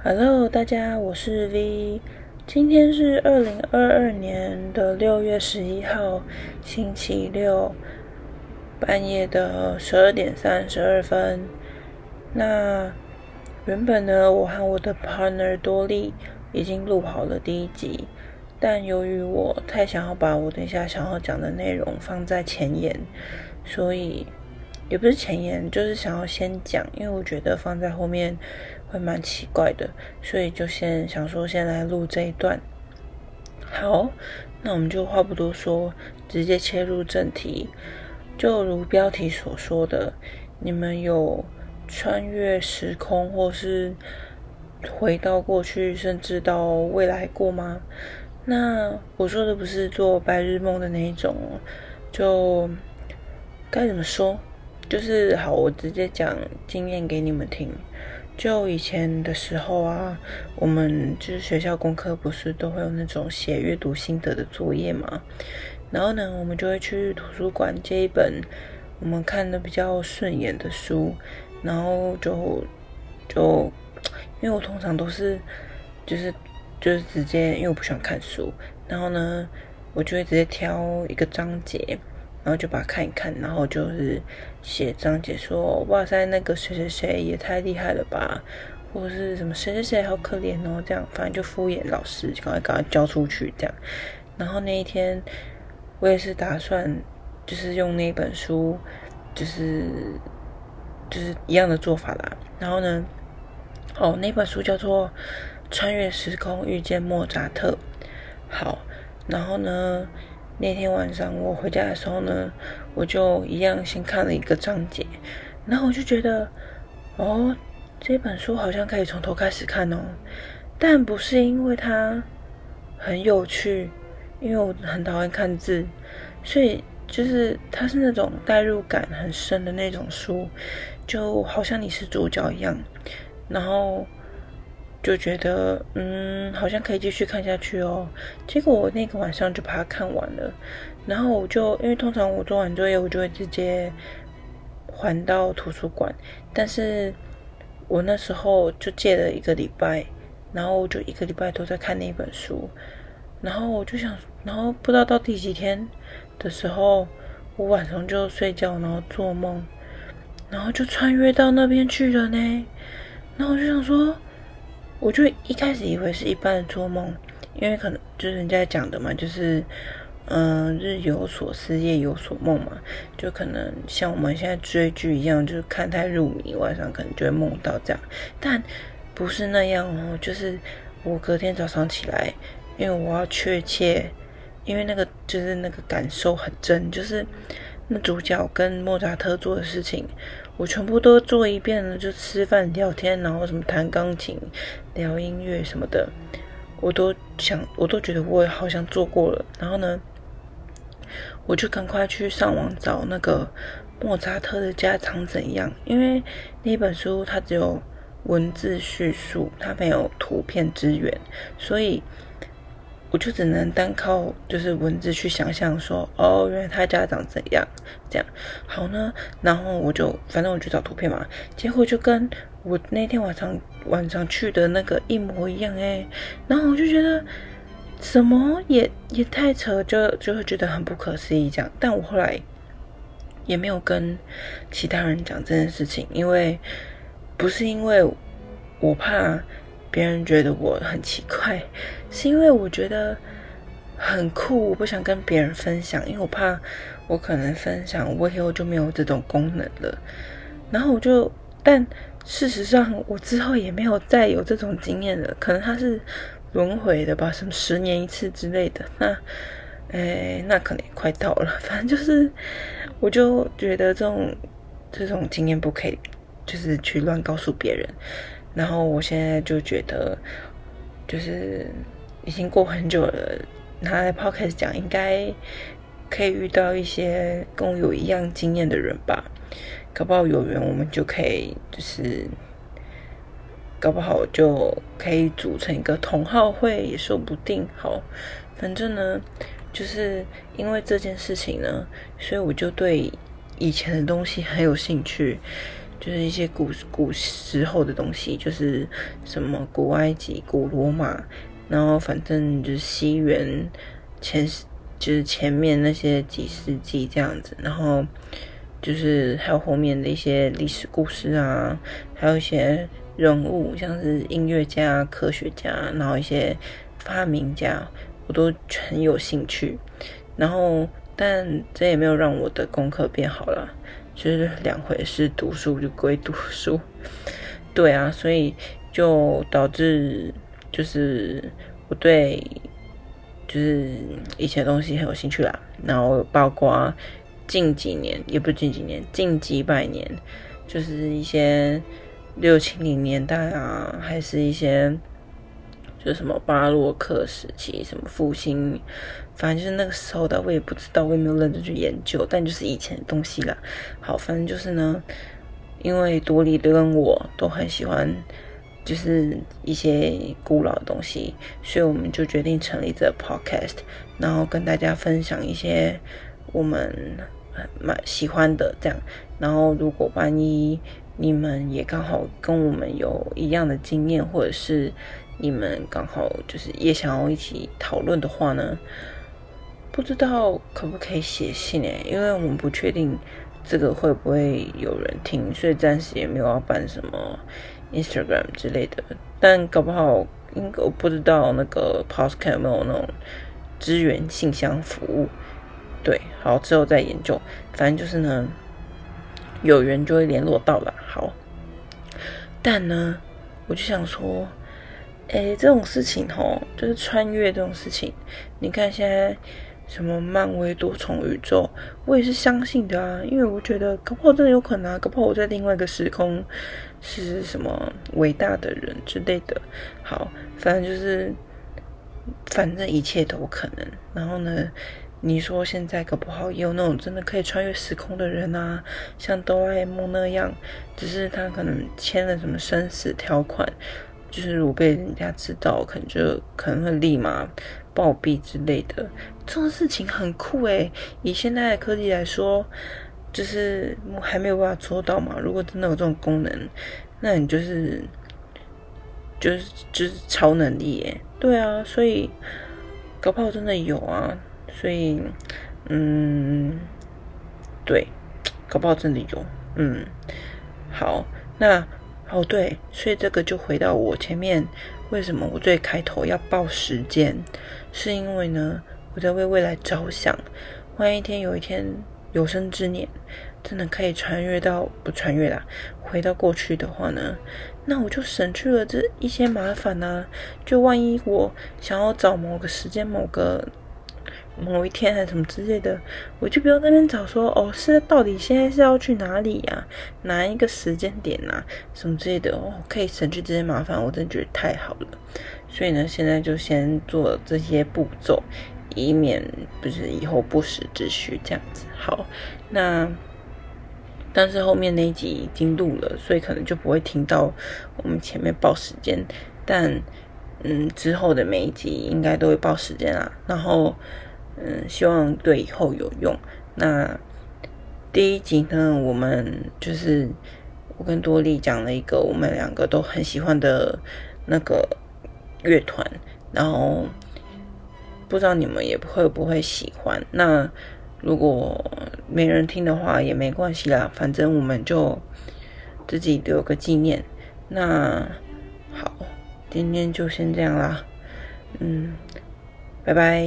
Hello，大家，我是 V。今天是二零二二年的六月十一號，星期六半夜的十二點三十二分。那原本呢，我和我的 partner 多利已經錄好了第一集，但由於我太想要把我等一下想要講的內容放在前言，所以也不是前言，就是想要先講，因為我覺得放在後面。會蠻奇怪的，所以就先想說先來錄這一段。好，那我們就話不多說，直接切入正題。就如標題所說的，你們有穿越時空或是回到過去，甚至到未來過嗎？那我說的不是做白日夢的那一種，就該怎麼說？就是好，我直接講經驗給你們聽。就以前的時候啊，我們就是學校功課不是都會有那種寫閱讀心得的作業嘛，然後呢，我們就會去圖書館借一本我們看的比較順眼的書，然後就就因為我通常都是就是就是直接，因為我不喜歡看書，然後呢，我就會直接挑一個章節。然後就把它看一看，然後就是寫章節，說：“哇塞，那個誰誰誰也太厲害了吧，或者是什麼誰誰誰好可憐哦，然後這樣反正就敷衍老師，就趕快趕快交出去這樣。”然後那一天，我也是打算就是用那本書，就是就是一樣的做法啦。然後呢，哦，那本書叫做《穿越時空遇見莫扎特》。好，然後呢？那天晚上我回家的時候呢，我就一樣先看了一個章節，然後我就覺得，哦，這本書好像可以從頭開始看哦，但不是因為它很有趣，因為我很討厭看字，所以就是它是那種代入感很深的那種書，就好像你是主角一樣，然後。就覺得嗯，好像可以繼續看下去哦。結果我那個晚上就把它看完了。然後我就因為通常我做完作業，我就會直接還到圖書館。但是我那時候就借了一個禮拜，然後我就一個禮拜都在看那本書。然後我就想，然後不知道到第幾天的時候，我晚上就睡覺，然後做夢，然後就穿越到那邊去了呢。然後我就想說。我就一開始以為是一般的做夢，因為可能就是人家講的嘛，就是嗯、呃，日有所思，夜有所夢嘛，就可能像我們現在追劇一樣，就是看太入迷，晚上可能就會夢到這樣。但不是那樣哦，就是我隔天早上起來，因為我要確切，因為那個就是那個感受很真，就是。那主角跟莫扎特做的事情，我全部都做一遍了，就吃飯聊天，然後什麼彈鋼琴、聊音樂什麼的，我都想，我都覺得我好像做過了。然後呢，我就趕快去上網找那個莫扎特的家長怎樣，因為那本書它只有文字敘述，它沒有圖片資源，所以。我就只能單靠就是文字去想象說，說哦，原來他家長怎樣這樣好呢？然後我就反正我就找圖片嘛，結果就跟我那天晚上晚上去的那個一模一樣欸。然後我就覺得什麼也也太扯，就就會覺得很不可思議這樣。但我後來也沒有跟其他人講這件事情，因為不是因為我怕。別人覺得我很奇怪，是因為我覺得很酷，我不想跟別人分享，因為我怕我可能分享我以後就沒有這種功能了。然後我就，但事實上我之後也沒有再有這種經驗了，可能它是輪回的吧，什麼十年一次之類的。那，哎，那可能也快到了，反正就是，我就覺得這種這種經驗不可以，就是去亂告訴別人。然後我現在就覺得，就是已經過很久了，拿來 Podcast 講，應該可以遇到一些跟我有一樣經驗的人吧？搞不好有緣，我們就可以就是，搞不好就可以組成一個同好會也說不定。好，反正呢，就是因為這件事情呢，所以我就對以前的東西很有興趣。就是一些古古時候的東西，就是什麼古埃及、古羅馬，然後反正就是西元前，就是前面那些幾世紀這樣子，然後就是還有後面的一些歷史故事啊，還有一些人物，像是音樂家、科學家，然後一些發明家，我都很有興趣。然後，但這也沒有讓我的功課變好了。就是兩回事，讀書就歸讀書，對啊，所以就導致就是我對就是一些東西很有興趣啦，然後包括近幾年，也不是近幾年，近幾百年，就是一些六七零年代啊，還是一些。就是什麼巴洛克時期，什麼復興，反正就是那個時候的，我也不知道，我也沒有認真去研究，但就是以前的東西啦。好，反正就是呢，因為多利跟我都很喜歡，就是一些古老的東西，所以我們就決定成立這個 podcast，然後跟大家分享一些我們蠻喜歡的這樣。然後如果萬一你們也剛好跟我們有一樣的經驗，或者是你們剛好就是也想要一起討論的話呢，不知道可不可以寫信哎、欸，因為我們不確定這個會不會有人聽，所以暫時也沒有要辦什麼 Instagram 之類的。但搞不好，因為我不知道那個 Podcast 有沒有那種支援信箱服務。對，好，之後再研究。反正就是呢，有緣就會聯絡到了。好，但呢，我就想說。哎、欸，這種事情吼，就是穿越這種事情。你看現在什麼漫威多重宇宙，我也是相信的，啊，因為我覺得搞不好真的有可能，啊，搞不好我在另外一個時空是什麼偉大的人之類的。好，反正就是反正一切都有可能。然後呢，你說現在搞不好有 you know, 那種真的可以穿越時空的人啊，像哆啦 A 夢那樣，只是他可能簽了什麼生死條款。就是如果被人家知道，可能就可能會立馬暴斃之類的。這種事情很酷誒、欸，以現在的科技來說，就是我還沒有辦法做到嘛。如果真的有這種功能，那你就是就是就是超能力耶、欸！對啊，所以搞不好真的有啊！所以，嗯，對，搞不好真的有。嗯，好，那。哦，對，所以這個就回到我前面，為什麼我最開頭要報時間？是因為呢，我在為未來着想，萬一天有一天有生之年，真的可以穿越到，不穿越啦，回到過去的話呢，那我就省去了這一些麻煩呢、啊。就萬一我想要找某個時間，某個。某一天還是什麼之類的，我就不用在那邊找說哦，是到底現在是要去哪裡呀，啊？哪一個時間點啊？什麼之類的哦，可以省去這些麻煩，我真的覺得太好了。所以呢，現在就先做這些步驟，以免不是以後不時之需這樣子。好，那但是後面那一集已經錄了，所以可能就不會聽到我們前面報時間，但嗯，之後的每一集應該都會報時間啦。然後。嗯，希望對以後有用。那第一集呢，我們就是我跟多麗講了一個我們兩個都很喜歡的那個樂團，然後不知道你們也會不會喜歡。那如果沒人聽的話也沒關係啦，反正我們就自己留個紀念。那好，今天就先這樣啦，嗯，拜拜。